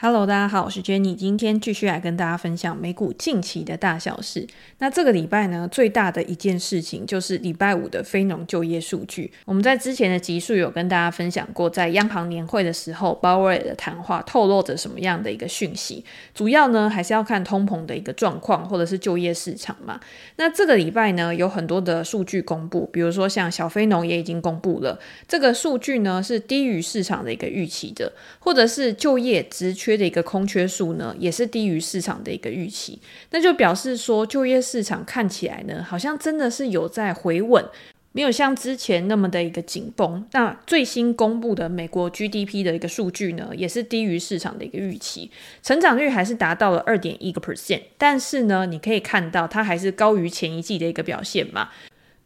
Hello，大家好，我是 Jenny，今天繼續來跟大家分享美股近期的大小事。那這個禮拜呢，最大的一件事情就是禮拜五的非農就業數據。我們在之前的集數有跟大家分享過，在央行年會的時候，鮑威爾的談話透露着什麼樣的一個訊息？主要呢，還是要看通膨的一個狀況，或者是就業市場嘛。那這個禮拜呢，有很多的數據公布，比如說像小非農也已經公布了，這個數據呢是低於市場的一個預期的，或者是就業職。缺的一個空缺數呢，也是低於市場的一個預期，那就表示說就業市場看起來呢，好像真的是有在回穩，沒有像之前那麼的一個緊繃。那最新公布的美國 GDP 的一個數據呢，也是低於市場的一個預期，成長率還是達到了二點一個 percent，但是呢，你可以看到它還是高於前一季的一個表現嘛。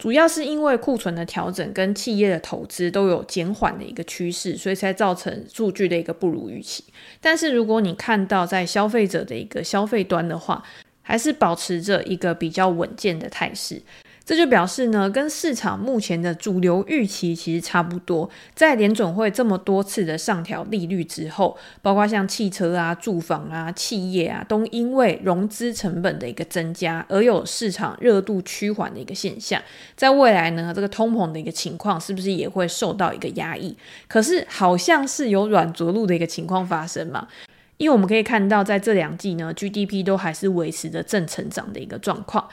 主要是因為庫存的調整跟企業的投資都有減緩的一個趨勢，所以才造成數據的一個不如預期。但是如果你看到在消費者的一個消費端的話，還是保持着一個比較穩健的態勢。這就表示呢，跟市場目前的主流預期其實差不多。在聯準會這麼多次的上調利率之後，包括像汽車啊、住房啊、企業啊，都因為融資成本的一個增加而有市場熱度趨緩的一個現象。在未來呢，這個通膨的一個情況是不是也會受到一個壓抑？可是好像是有軟着陸的一個情況發生嘛。因為我們可以看到，在這兩季呢，GDP 都還是維持着正成長的一個狀況。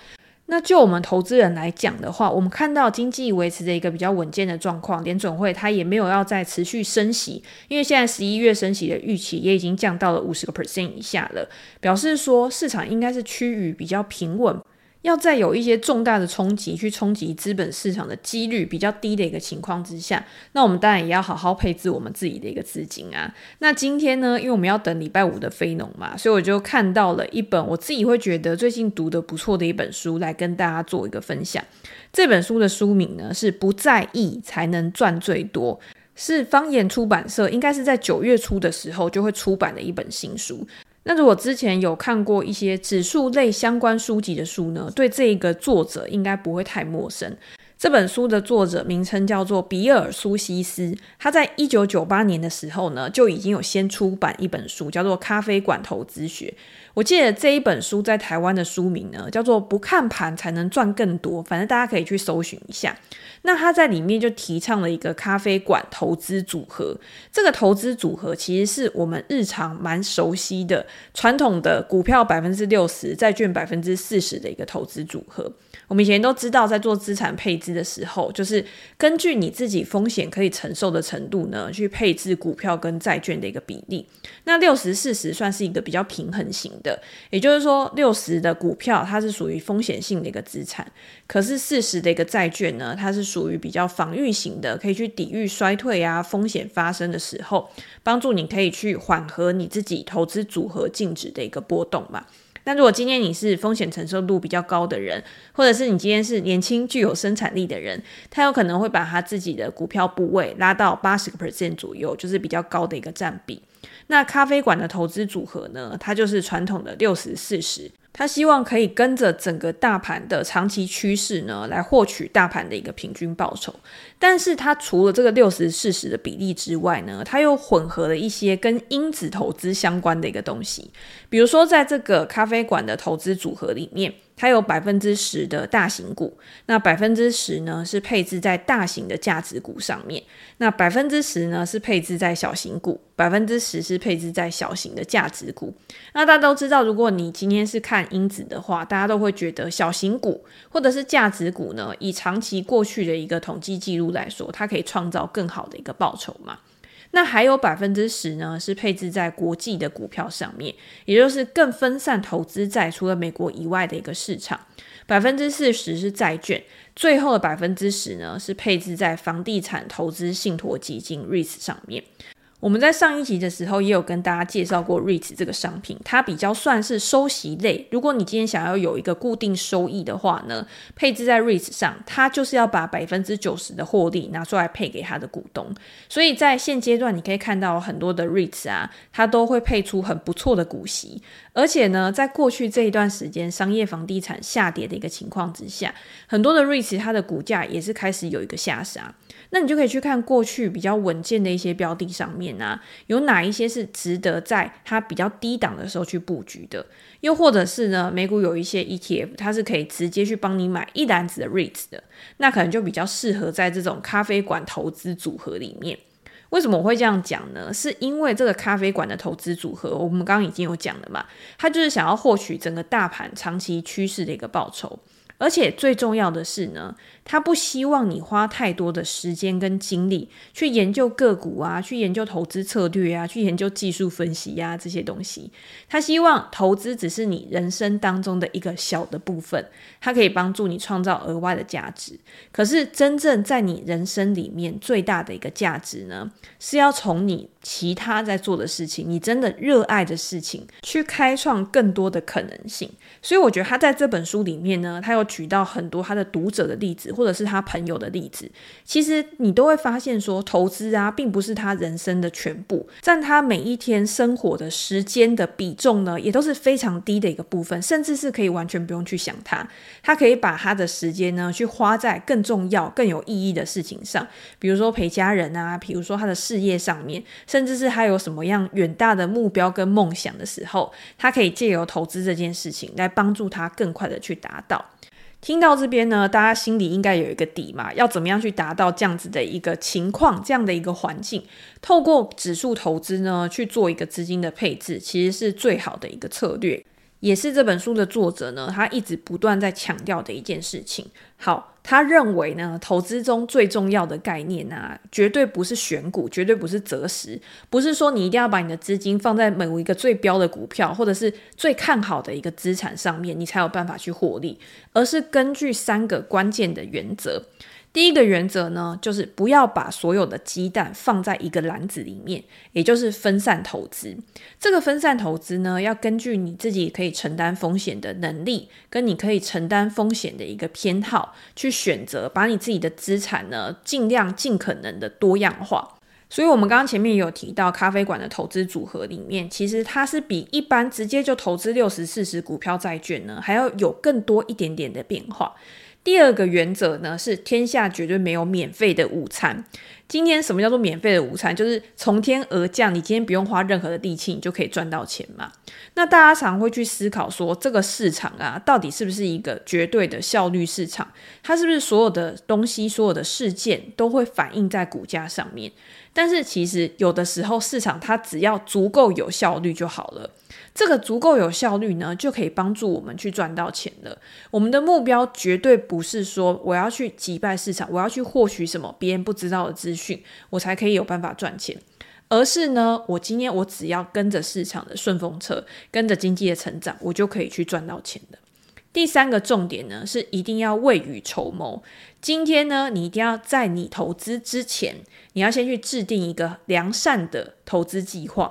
那就我們投資人來講的話，我們看到經濟維持着一個比較穩健的狀況，聯準會它也沒有要再持續升息，因為現在十一月升息的預期也已經降到了五十個 percent 以下了，表示說市場應該是趨於比較平穩。要在有一些重大的衝擊去衝擊資本市場的幾率比較低的一個情況之下，那我們當然也要好好配置我們自己的一個資金啊。那今天呢，因為我們要等禮拜五的非農嘛，所以我就看到了一本我自己會覺得最近讀得不錯的一本書，來跟大家做一個分享。這本書的書名呢，是《不在意才能賺最多》，是方言出版社，應該是在九月初的時候就會出版的一本新書。那如果之前有看過一些指數類相關書籍的書呢，對這個作者應該不會太陌生。這本書的作者名稱叫做比爾·蘇西斯，他在一九九八年的時候呢，就已經有先出版一本書，叫做《咖啡館投資學》。我記得這一本書在台灣的書名呢，叫做《不看盤才能賺更多》，反正大家可以去搜尋一下。那他在裡面就提倡了一個咖啡館投資組合，這個投資組合其實是我們日常蠻熟悉的傳統的股票百分之六十、債券百分之四十的一個投資組合。我們以前都知道，在做資產配置的時候，就是根據你自己風險可以承受的程度呢，去配置股票跟債券的一個比例。那六十四十算是一個比較平衡型的，也就是說，六十的股票它是屬於風險性的一個資產，可是四十的一個債券呢，它是屬於比較防禦型的，可以去抵禦衰退啊風險發生的時候，幫助你可以去緩和你自己投資組合淨值的一個波動嘛。但如果今天你是風險承受度比較高的人，或者是你今天是年輕、具有生產力的人，他有可能會把他自己的股票部位拉到八十個 percent 左右，就是比較高的一個佔比。那咖啡館的投資組合呢？它就是傳統的六十四十。他希望可以跟着整個大盤的長期趨勢呢，來獲取大盤的一個平均報酬。但是，他除了這個六十四十的比例之外呢，他又混合了一些跟因子投資相關的一個東西，比如說在這個咖啡館的投資組合裡面。它有百分之十的大型股，那百分之十呢是配置在大型的價值股上面，那百分之十呢是配置在小型股，百分之十是配置在小型的價值股。那大家都知道，如果你今天是看因子的話，大家都會覺得小型股或者是價值股呢，以長期過去的一個統計記錄來說，它可以創造更好的一個報酬嘛。那還有百分之十呢，是配置在國際的股票上面，也就是更分散投資在除了美國以外的一個市場。百分之四十是債券，最後的百分之十呢，是配置在房地產投資信托基金 REITs 上面。我們在上一集的時候也有跟大家介紹過 REITs 這個商品，它比較算是收息類。如果你今天想要有一個固定收益的話呢，配置在 REITs 上，它就是要把百分之九十的獲利拿出來配給它的股東。所以在現階段，你可以看到很多的 REITs 啊，它都會配出很不錯的股息。而且呢，在過去這一段時間，商業房地產下跌的一個情況之下，很多的 REITs 它的股價也是開始有一個下殺。那你就可以去看過去比較穩健的一些標的上面。啊，有哪一些是值得在它比較低檔的時候去布局的？又或者是呢，美股有一些 ETF，它是可以直接去幫你買一籃子的 REITs 的，那可能就比較適合在這種咖啡館投資組合裡面。為什麼我會這樣講呢？是因為這個咖啡館的投資組合，我們剛剛已經有講了嘛，它就是想要獲取整個大盤長期趨勢的一個報酬，而且最重要的是呢。他不希望你花太多的時間跟精力去研究個股啊，去研究投資策略啊，去研究技術分析呀、啊，這些東西。他希望投資只是你人生當中的一個小的部分，他可以幫助你創造額外的價值。可是真正在你人生裡面最大的一個價值呢，是要從你其他在做的事情，你真的熱愛的事情，去開創更多的可能性。所以我覺得他在這本書裡面呢，他有舉到很多他的讀者的例子。或者是他朋友的例子，其實你都會發現說，投資啊，並不是他人生的全部，佔他每一天生活的時間的比重呢，也都是非常低的一個部分，甚至是可以完全不用去想他，他可以把他的時間呢，去花在更重要、更有意義的事情上，比如說陪家人啊，比如說他的事業上面，甚至是他有什麼樣遠大的目標跟夢想的時候，他可以借由投資這件事情來幫助他更快的去達到。聽到這邊呢，大家心裡應該有一個底嘛，要怎麼樣去達到這樣子的一個情況，這樣的一個環境，透過指數投資呢，去做一個資金的配置，其實是最好的一個策略。也是這本書的作者呢，他一直不斷在強調的一件事情。好，他認為呢，投資中最重要的概念呢、啊，絕對不是選股，絕對不是擇時，不是說你一定要把你的資金放在某一個最標的股票或者是最看好的一個資產上面，你才有辦法去獲利，而是根據三個關鍵的原則。第一個原則呢，就是不要把所有的雞蛋放在一個籃子裡面，也就是分散投資。這個分散投資呢，要根據你自己可以承擔風險的能力，跟你可以承擔風險的一個偏好去選擇，把你自己的資產呢，盡量盡可能的多樣化。所以，我們剛剛前面有提到，咖啡館的投資組合裡面，其實它是比一般直接就投資六十四十股票債券呢，還要有更多一點點的變化。第二個原則呢，是天下絕對沒有免費的午餐。今天什麼叫做免費的午餐？就是從天而降，你今天不用花任何的力氣，你就可以賺到錢嘛。那大家常會去思考說，這個市場啊，到底是不是一個絕對的效率市場？它是不是所有的東西、所有的事件都會反映在股價上面？但是其實有的時候，市場它只要足夠有效率就好了。這個足夠有效率呢，就可以幫助我們去賺到錢了。我們的目標絕對不是說我要去擊敗市場，我要去獲取什麼別人不知道的資訊，我才可以有辦法賺錢。而是呢，我今天我只要跟着市場的順風車，跟着經濟的成長，我就可以去賺到錢的。第三個重點呢，是一定要未雨綢繆。今天呢，你一定要在你投資之前，你要先去制定一個良善的投資計劃。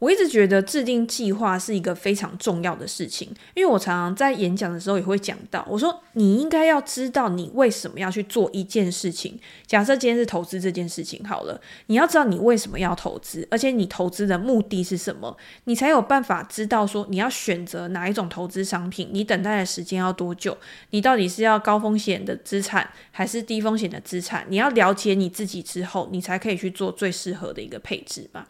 我一直覺得制定計劃是一個非常重要的事情，因為我常常在演講的時候也會講到，我說你應該要知道你為什麼要去做一件事情。假設今天是投資這件事情好了，你要知道你為什麼要投資，而且你投資的目的是什麼，你才有辦法知道說你要選擇哪一種投資商品，你等待的時間要多久，你到底是要高風險的資產還是低風險的資產？你要了解你自己之後，你才可以去做最適合的一個配置吧。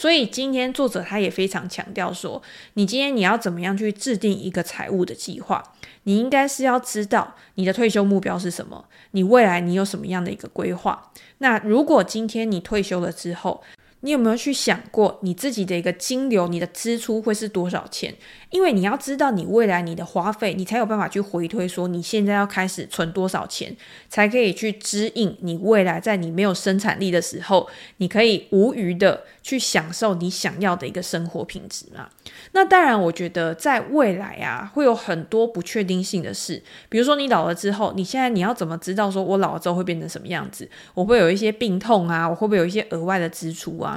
所以今天作者他也非常強調說，你今天你要怎麼樣去制定一個財務的計劃？你應該是要知道你的退休目標是什麼，你未來你有什麼樣的一個規劃？那如果今天你退休了之後，你有沒有去想過你自己的一個金流，你的支出會是多少錢？因為你要知道你未來你的花費，你才有辦法去回推說你現在要開始存多少錢，才可以去支應你未來在你沒有生產力的時候，你可以無余的去享受你想要的一個生活品質嘛？那當然，我覺得在未來啊，會有很多不確定性的事，比如說你老了之後，你現在你要怎麼知道說我老了之後會變成什麼樣子？我會有一些病痛啊，我會不會有一些額外的支出啊？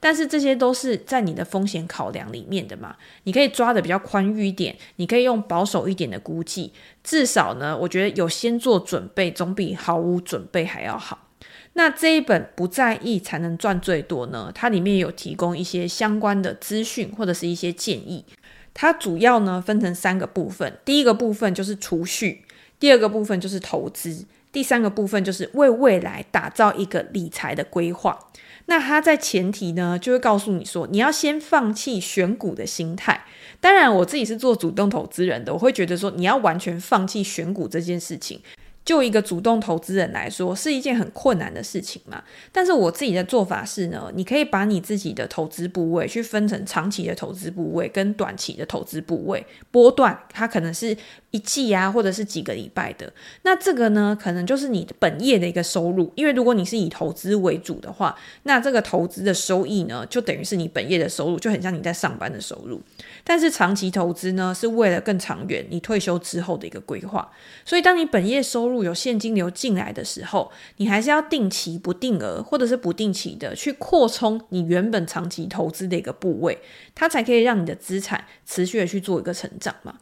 但是這些都是在你的風險考量裡面的嘛，你可以抓得比較寬裕一點，你可以用保守一點的估計，至少呢，我覺得有先做準備，總比毫無準備還要好。那這一本不在意才能賺最多呢，它裡面有提供一些相關的資訊或者是一些建議。它主要呢，分成三個部分，第一個部分就是儲蓄，第二個部分就是投資，第三個部分就是為未來打造一個理財的規劃。那他在前提呢，就會告訴你說，你要先放棄選股的心態。當然，我自己是做主動投資人的，我會覺得說，你要完全放棄選股這件事情，就一個主動投資人來說，是一件很困難的事情嘛。但是我自己的做法是呢，你可以把你自己的投資部位去分成長期的投資部位跟短期的投資部位，波段它可能是一季啊，或者是幾個禮拜的。那這個呢，可能就是你本業的一個收入，因為如果你是以投資為主的話，那這個投資的收益呢，就等於是你本業的收入，就很像你在上班的收入。但是長期投資呢，是為了更長遠，你退休之後的一個規劃。所以，當你本業收入有現金流進來的時候，你還是要定期不定額，或者是不定期的去擴充你原本長期投資的一個部位，它才可以讓你的資產持續的去做一個成長嘛。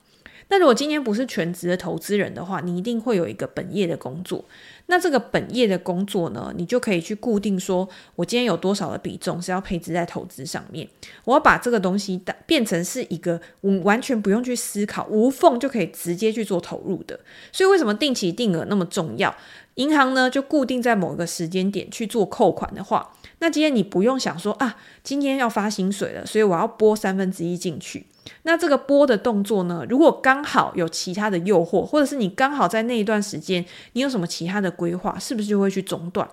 那如果今天不是全職的投資人的話，你一定會有一個本業的工作。那這個本業的工作呢，你就可以去固定說，我今天有多少的比重是要配置在投資上面。我要把這個東西變成是一個無，我完全不用去思考，無縫就可以直接去做投入的。所以為什麼定期定額那麼重要？銀行呢，就固定在某一個時間點去做扣款的話。那今天你不用想說啊，今天要發薪水了，所以我要撥三分之一進去。那這個撥的動作呢，如果剛好有其他的誘惑，或者是你剛好在那一段時間，你有什麼其他的規劃，是不是就會去中斷？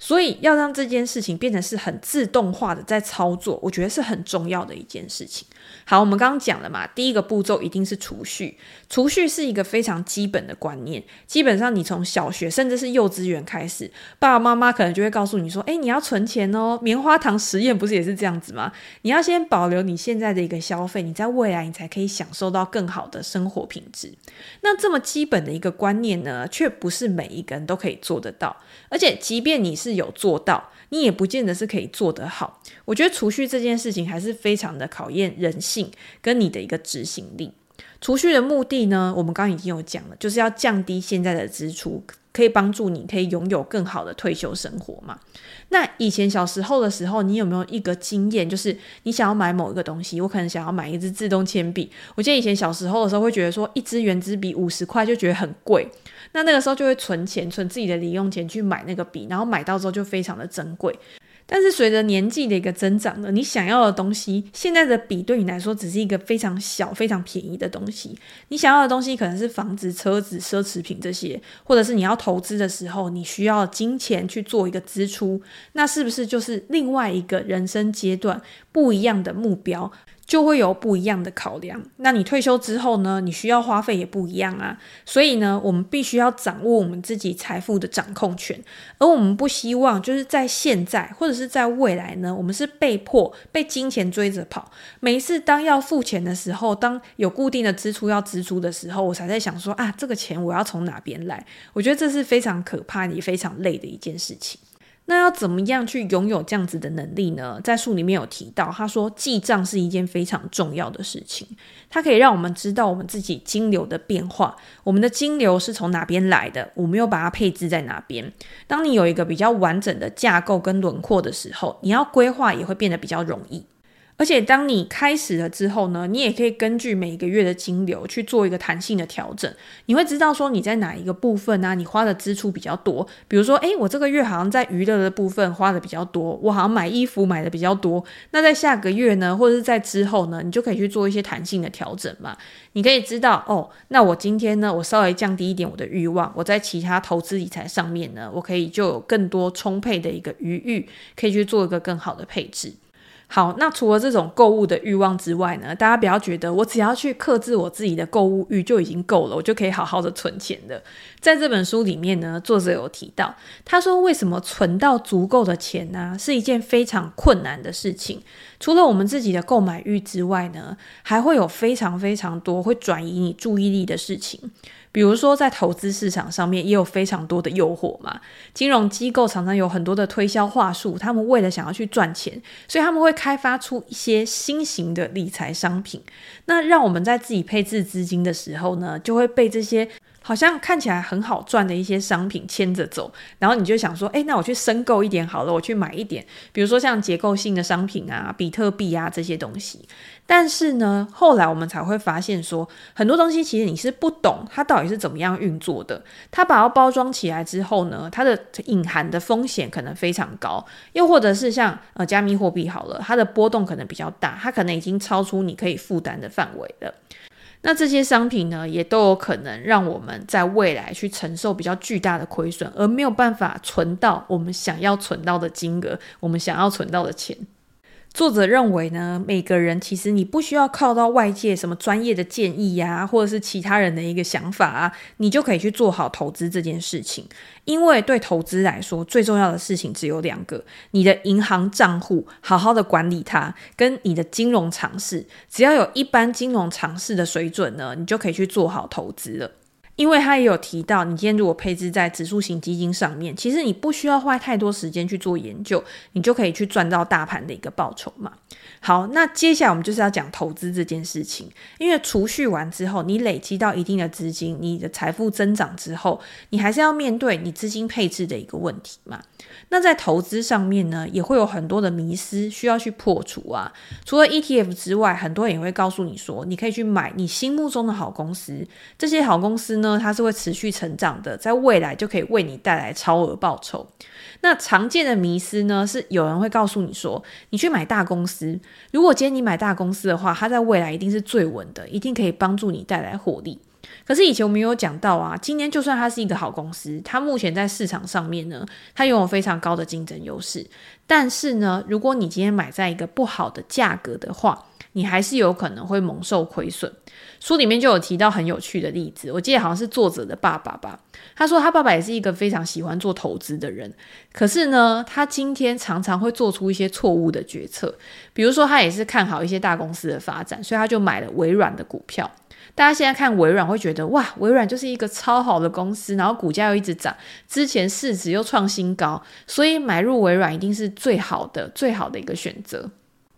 所以要讓這件事情變成是很自動化的在操作，我覺得是很重要的一件事情。好，我們剛剛講了嘛，第一個步驟一定是儲蓄，儲蓄是一個非常基本的觀念。基本上你從小學甚至是幼稚園開始，爸爸媽媽可能就會告訴你說：“誒，你要存錢哦。”棉花糖實驗不是也是這樣子嗎？你要先保留你現在的一個消費，你在未來你才可以享受到更好的生活品質。那這麼基本的一個觀念呢，卻不是每一個人都可以做得到，而且即便你是。是有做到，你也不見得是可以做得好。我覺得儲蓄這件事情還是非常的考驗人性跟你的一個執行力。儲蓄的目的呢，我們剛剛已經有講了，就是要降低現在的支出。可以幫助你，可以擁有更好的退休生活嘛？那以前小時候的時候，你有沒有一個經驗，就是你想要買某一個東西？我可能想要買一支自動鉛筆。我記得以前小時候的時候，會覺得說一支原子筆五十塊就覺得很貴。那那個時候就會存錢，存自己的零用錢去買那個筆，然後買到之後就非常的珍貴。但是隨着年紀的一個增長呢，你想要的東西，現在的筆對你來說只是一個非常小、非常便宜的東西。你想要的東西可能是房子、車子、奢侈品這些，或者是你要投資的時候，你需要金錢去做一個支出。那是不是就是另外一個人生階段不一樣的目標？就會有不一樣的考量。那你退休之後呢？你需要花費也不一樣啊。所以呢，我們必須要掌握我們自己財富的掌控權。而我們不希望就是在現在或者是在未來呢，我們是被迫被金錢追着跑。每一次當要付錢的時候，當有固定的支出要支出的時候，我才在想說啊，這個錢我要從哪邊來？我覺得這是非常可怕、你非常累的一件事情。那要怎麼樣去擁有這樣子的能力呢？在書裡面有提到，他說記賬是一件非常重要的事情，它可以讓我們知道我們自己金流的變化，我們的金流是從哪邊來的，我們又把它配置在哪邊。當你有一個比較完整的架構跟輪廓的時候，你要規劃也會變得比較容易。而且當你開始了之後呢，你也可以根據每一個月的金流去做一個彈性的調整。你會知道說你在哪一個部分呢、啊，你花的支出比較多，比如說，誒，我這個月好像在娛樂的部分花的比較多，我好像買衣服買的比較多。那在下個月呢，或者是在之後呢，你就可以去做一些彈性的調整嘛。你可以知道哦，那我今天呢，我稍微降低一點我的慾望，我在其他投資理財上面呢，我可以就有更多充沛的一個餘裕，可以去做一個更好的配置。好，那除了這種購物的欲望之外呢，大家不要覺得我只要去克制我自己的購物欲就已經夠了，我就可以好好的存錢了。在這本書裡面呢，作者有提到，他說為什麼存到足夠的錢呢、啊，是一件非常困難的事情。除了我們自己的購買欲之外呢，還會有非常非常多會轉移你注意力的事情。比如說，在投資市場上面也有非常多的誘惑嘛。金融機構常常有很多的推銷話術，他們為了想要去賺錢，所以他們會開發出一些新型的理財商品。那讓我們在自己配置資金的時候呢，就會被這些好像看起來很好賺的一些商品牽着走，然後你就想說，誒，那我去申購一點好了，我去買一點，比如說像結構性的商品啊、比特幣啊這些東西。但是呢，後來我們才會發現說，很多東西其實你是不懂它到底是怎麼樣運作的。它把它包裝起來之後呢，它的隱含的風險可能非常高。又或者是像呃加密貨幣好了，它的波動可能比較大，它可能已經超出你可以負擔的範圍了。那這些商品呢，也都有可能讓我們在未來去承受比較巨大的虧損，而沒有辦法存到我們想要存到的金額，我們想要存到的錢。作者認為呢，每個人其實你不需要靠到外界什麼專業的建議呀、啊，或者是其他人的一個想法啊，你就可以去做好投資這件事情。因為對投資來說，最重要的事情只有兩個：你的銀行賬戶好好的管理它，跟你的金融常識。只要有一般金融常識的水準呢，你就可以去做好投資了。因為他也有提到，你今天如果配置在指數型基金上面，其實你不需要花太多時間去做研究，你就可以去賺到大盤的一個報酬嘛。好，那接下來我們就是要講投資這件事情，因為儲蓄完之後，你累積到一定的資金，你的財富增長之後，你還是要面對你資金配置的一個問題嘛。那在投資上面呢，也會有很多的迷思需要去破除啊。除了 ETF 之外，很多人也會告訴你說，你可以去買你心目中的好公司。這些好公司呢，它是會持續成長的，在未來就可以為你帶來超額報酬。那常見的迷思呢，是有人會告訴你說，你去買大公司。如果今天你買大公司的話，它在未來一定是最穩的，一定可以幫助你帶來獲利。可是以前我們有講到啊，今天就算它是一個好公司，它目前在市場上面呢，它擁有非常高的競爭優勢。但是呢，如果你今天買在一個不好的價格的話，你還是有可能會蒙受虧損。書裡面就有提到很有趣的例子，我記得好像是作者的爸爸吧，他說他爸爸也是一個非常喜歡做投資的人，可是呢，他今天常常會做出一些錯誤的決策，比如說他也是看好一些大公司的發展，所以他就買了微軟的股票。大家現在看微軟會覺得，哇，微軟就是一個超好的公司，然後股價又一直漲，之前市值又創新高，所以買入微軟一定是最好的、最好的一個選擇，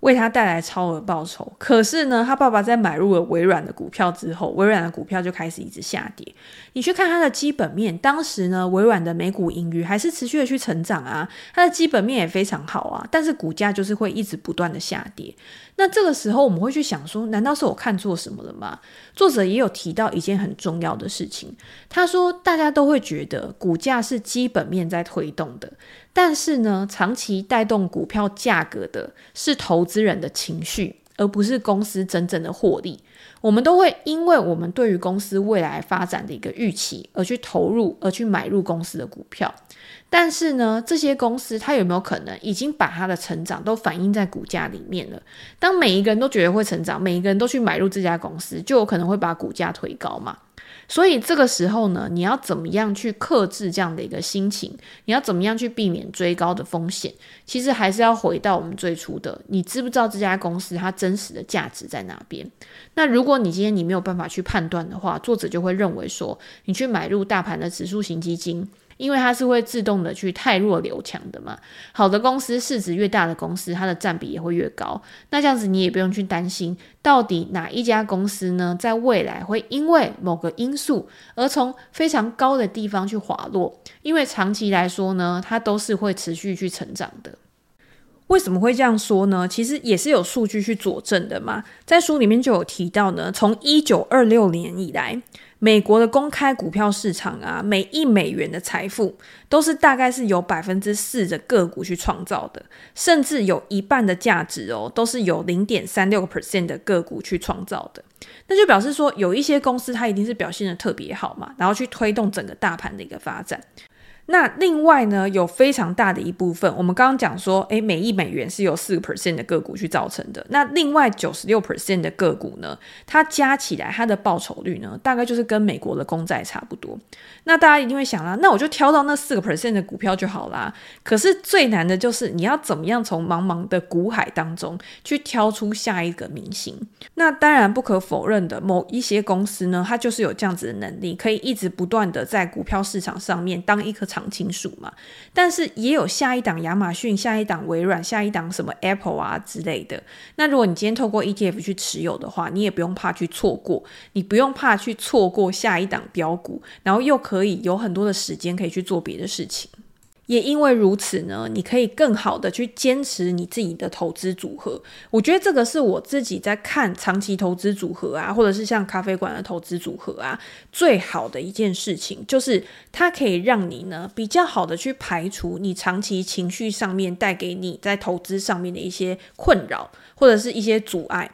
為他帶來超額報酬。可是呢，他爸爸在買入了微軟的股票之後，微軟的股票就開始一直下跌。你去看它的基本面，當時呢，微軟的每股盈餘還是持續的去成長啊，它的基本面也非常好啊，但是股價就是會一直不斷的下跌。那這個時候，我們會去想說，難道是我看錯什麼了嗎？作者也有提到一件很重要的事情，他說，大家都會覺得股價是基本面在推動的，但是呢，長期帶動股票價格的是投資人的情緒，而不是公司真正的獲利。我們都會因為我們對於公司未來發展的一個預期而去投入，而去買入公司的股票。但是呢，這些公司它有沒有可能已經把它的成長都反映在股價裡面了？當每一個人都覺得會成長，每一個人都去買入這家公司，就有可能會把股價推高嘛。所以這個時候呢，你要怎麼樣去克制這樣的一個心情？你要怎麼樣去避免追高的風險？其實還是要回到我們最初的：你知不知道這家公司它真實的價值在哪邊？那如果你今天你沒有辦法去判斷的話，作者就會認為說，你去買入大盤的指數型基金。因為它是會自動的去汰弱留強的嘛，好的公司、市值越大的公司，它的占比也會越高。那這樣子你也不用去擔心，到底哪一家公司呢，在未來會因為某個因素而從非常高的地方去滑落。因為長期來說呢，它都是會持續去成長的。為什麼會這樣說呢？其實也是有數據去佐證的嘛，在書裡面就有提到呢，從一九二六年以來。美國的公開股票市場啊，每一美元的財富都是大概是有百分之四的個股去創造的，甚至有一半的價值哦，都是有零點三六個 percent 的個股去創造的。那就表示說，有一些公司它一定是表現得特別好嘛，然後去推動整個大盤的一個發展。那另外呢，有非常大的一部分，我們剛剛講說，哎、欸，每一美元是由四個 percent 的個股去造成的。那另外九十六 percent 的個股呢，它加起來它的報酬率呢，大概就是跟美國的公債差不多。那大家一定會想啦，那我就挑到那四個 percent 的股票就好啦。可是最難的就是你要怎麼樣從茫茫的股海當中去挑出下一個明星。那當然不可否認的，某一些公司呢，它就是有這樣子的能力，可以一直不斷的在股票市場上面當一顆長。金屬嘛，但是也有下一檔亞馬遜、下一檔微軟、下一檔什麼 Apple 啊之類的。那如果你今天透過 ETF 去持有的話，你也不用怕去錯過，你不用怕去錯過下一檔飆股，然後又可以有很多的時間可以去做別的事情。也因為如此呢，你可以更好的去堅持你自己的投資組合。我覺得這個是我自己在看長期投資組合啊，或者是像咖啡館的投資組合啊，最好的一件事情就是它可以讓你呢比較好的去排除你長期情緒上面帶給你在投資上面的一些困擾，或者是一些阻礙。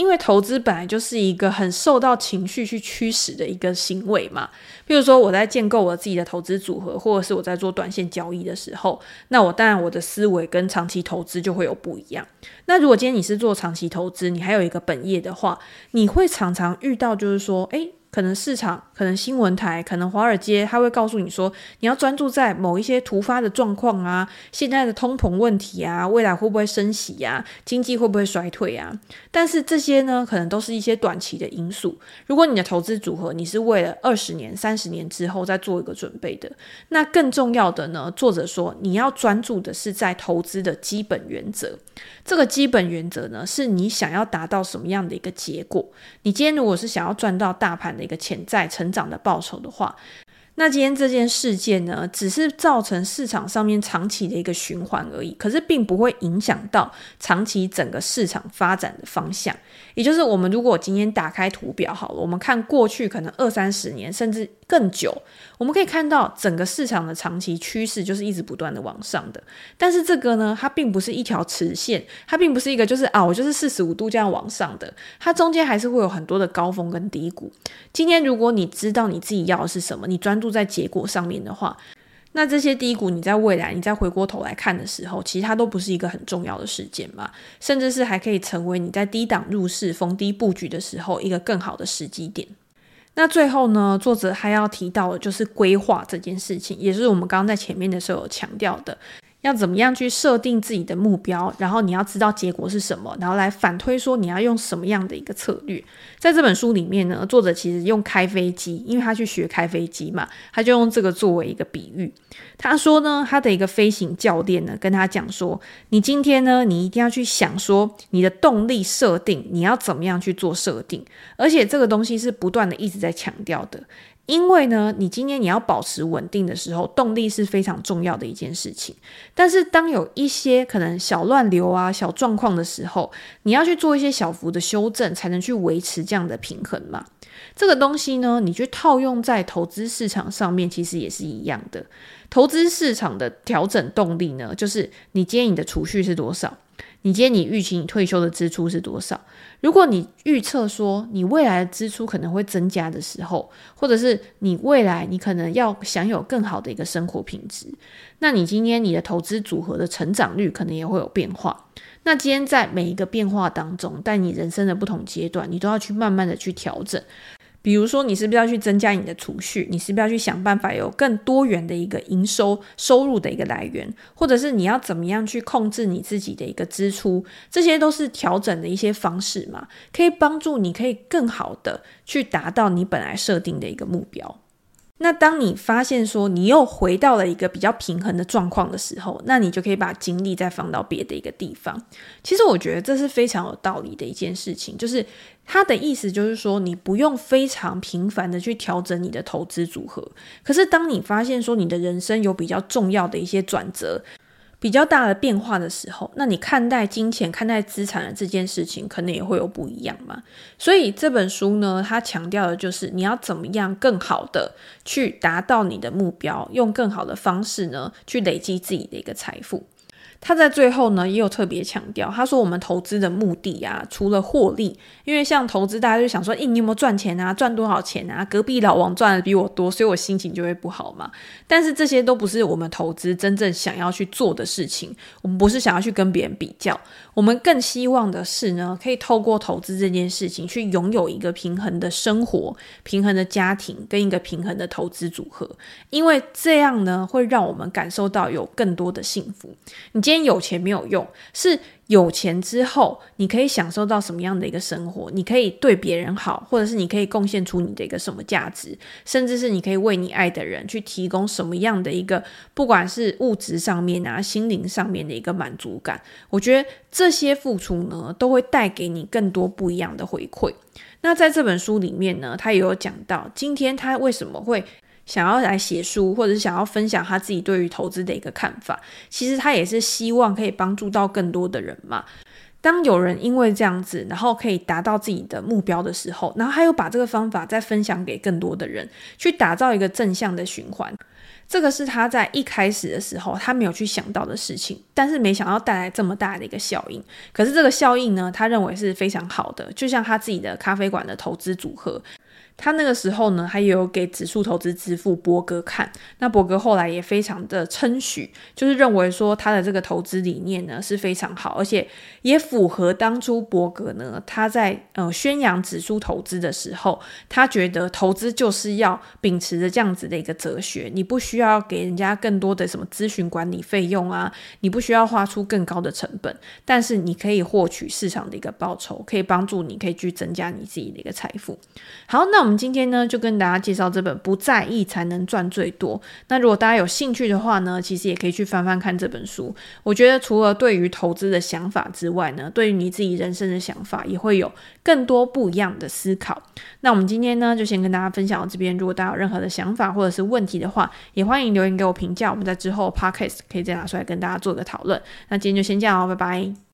因為投資本來就是一個很受到情緒去驅使的一個行為嘛，譬如說我在建構我自己的投資組合，或者是我在做短線交易的時候，那我當然我的思維跟長期投資就會有不一樣。那如果今天你是做長期投資，你還有一個本業的話，你會常常遇到就是說，誒……可能市場，可能新聞台，可能華爾街，他會告訴你說，你要專注在某一些突發的狀況啊，現在的通膨問題啊，未來會不會升息呀，經濟會不會衰退呀？但是這些呢，可能都是一些短期的因素。如果你的投資組合，你是為了二十年、三十年之後再做一個準備的，那更重要的呢，作者說你要專注的是在投資的基本原則。這個基本原則呢，是你想要達到什麼樣的一個結果？你今天如果是想要賺到大盤，一個潛在成長的報酬的話，那今天這件事件呢，只是造成市場上面長期的一個循環而已，可是並不會影響到長期整個市場發展的方向。也就是我們如果今天打開圖表好了，我們看過去可能二三十年甚至更久，我們可以看到整個市場的長期趨勢就是一直不斷的往上的。但是這個呢，它並不是一條直線，它並不是一個就是啊，我就是四十五度這樣往上的，它中間還是會有很多的高峰跟低谷。今天如果你知道你自己要的是什麼，你專注在結果上面的話。那這些低谷，你在未來，你再回過頭來看的時候，其實它都不是一個很重要的事件嘛，甚至是還可以成為你在低檔入市、逢低布局的時候一個更好的時機點。那最後呢，作者還要提到的就是規劃這件事情，也是我們剛剛在前面的時候有強調的。要怎麼樣去設定自己的目標，然後你要知道結果是什麼，然後來反推說你要用什麼樣的一個策略。在這本書裡面呢，作者其實用開飛機，因為他去學開飛機嘛，他就用這個作為一個比喻。他說呢，他的一個飛行教練呢，跟他講說：“你今天呢，你一定要去想說你的動力設定，你要怎麼樣去做設定，而且這個東西是不斷的一直在強調的。”因為呢，你今天你要保持穩定的時候，動力是非常重要的一件事情。但是當有一些可能小亂流啊、小狀況的時候，你要去做一些小幅的修正，才能去維持這樣的平衡嘛。這個東西呢，你去套用在投資市場上面，其實也是一樣的。投資市場的調整動力呢，就是你今天你的儲蓄是多少。你今天你預期你退休的支出是多少？如果你預測說你未來的支出可能會增加的時候，或者是你未來你可能要享有更好的一個生活品質，那你今天你的投資組合的成長率可能也會有變化。那今天在每一個變化當中，在你人生的不同階段，你都要去慢慢的去調整。比如說，你是不是要去增加你的儲蓄？你是不是要去想辦法有更多元的一個營收收入的一個來源？或者是你要怎麼樣去控制你自己的一個支出？這些都是調整的一些方式嘛，可以幫助你可以更好的去達到你本來設定的一個目標。那當你發現說你又回到了一個比較平衡的狀況的時候，那你就可以把精力再放到別的一個地方。其實我覺得這是非常有道理的一件事情，就是他的意思就是說你不用非常頻繁的去調整你的投資組合。可是當你發現說你的人生有比較重要的一些轉折。比較大的變化的時候，那你看待金錢、看待資產的這件事情，可能也會有不一樣嘛。所以這本書呢，它強調的就是你要怎麼樣更好的去達到你的目標，用更好的方式呢，去累積自己的一個財富。他在最後呢，也有特別強調，他說我們投資的目的啊，除了獲利，因為像投資，大家就想說，誒，你有沒有賺錢啊？賺多少錢啊？隔壁老王賺的比我多，所以我心情就會不好嘛。但是這些都不是我們投資真正想要去做的事情。我們不是想要去跟別人比較，我們更希望的是呢，可以透過投資這件事情，去擁有一個平衡的生活、平衡的家庭跟一個平衡的投資組合，因為這樣呢，會讓我們感受到有更多的幸福。你。先有錢沒有用，是有錢之後，你可以享受到什麼樣的一個生活？你可以對別人好，或者是你可以貢獻出你的一個什麼價值，甚至是你可以為你愛的人去提供什麼樣的一個，不管是物質上面啊，心靈上面的一個滿足感。我覺得這些付出呢，都會帶給你更多不一樣的回饋。那在這本書裡面呢，他也有講到今天他為什麼會。想要來寫書，或者是想要分享他自己對於投資的一個看法，其實他也是希望可以幫助到更多的人嘛。當有人因為這樣子，然後可以達到自己的目標的時候，然後他又把這個方法再分享給更多的人，去打造一個正向的循環。這個是他在一開始的時候他沒有去想到的事情，但是沒想到帶來這麼大的一個效應。可是這個效應呢，他認為是非常好的，就像他自己的咖啡館的投資組合。他那個時候呢，還有給指數投資之父伯格看，那伯格後來也非常的稱許，就是認為說他的這個投資理念呢是非常好，而且也符合當初伯格呢他在呃宣揚指數投資的時候，他覺得投資就是要秉持着這樣子的一個哲學，你不需要給人家更多的什麼諮詢管理費用啊，你不需要花出更高的成本，但是你可以獲取市場的一個報酬，可以幫助你，可以去增加你自己的一個財富。好，那我們。我們今天呢，就跟大家介紹這本《不在意才能賺最多》。那如果大家有興趣的話呢，其實也可以去翻翻看這本書。我覺得除了對於投資的想法之外呢，對於你自己人生的想法也會有更多不一樣的思考。那我們今天呢，就先跟大家分享到這邊。如果大家有任何的想法或者是問題的話，也歡迎留言給我評價。我們在之後 Podcast 可以再拿出來跟大家做個討論。那今天就先這樣哦，拜拜。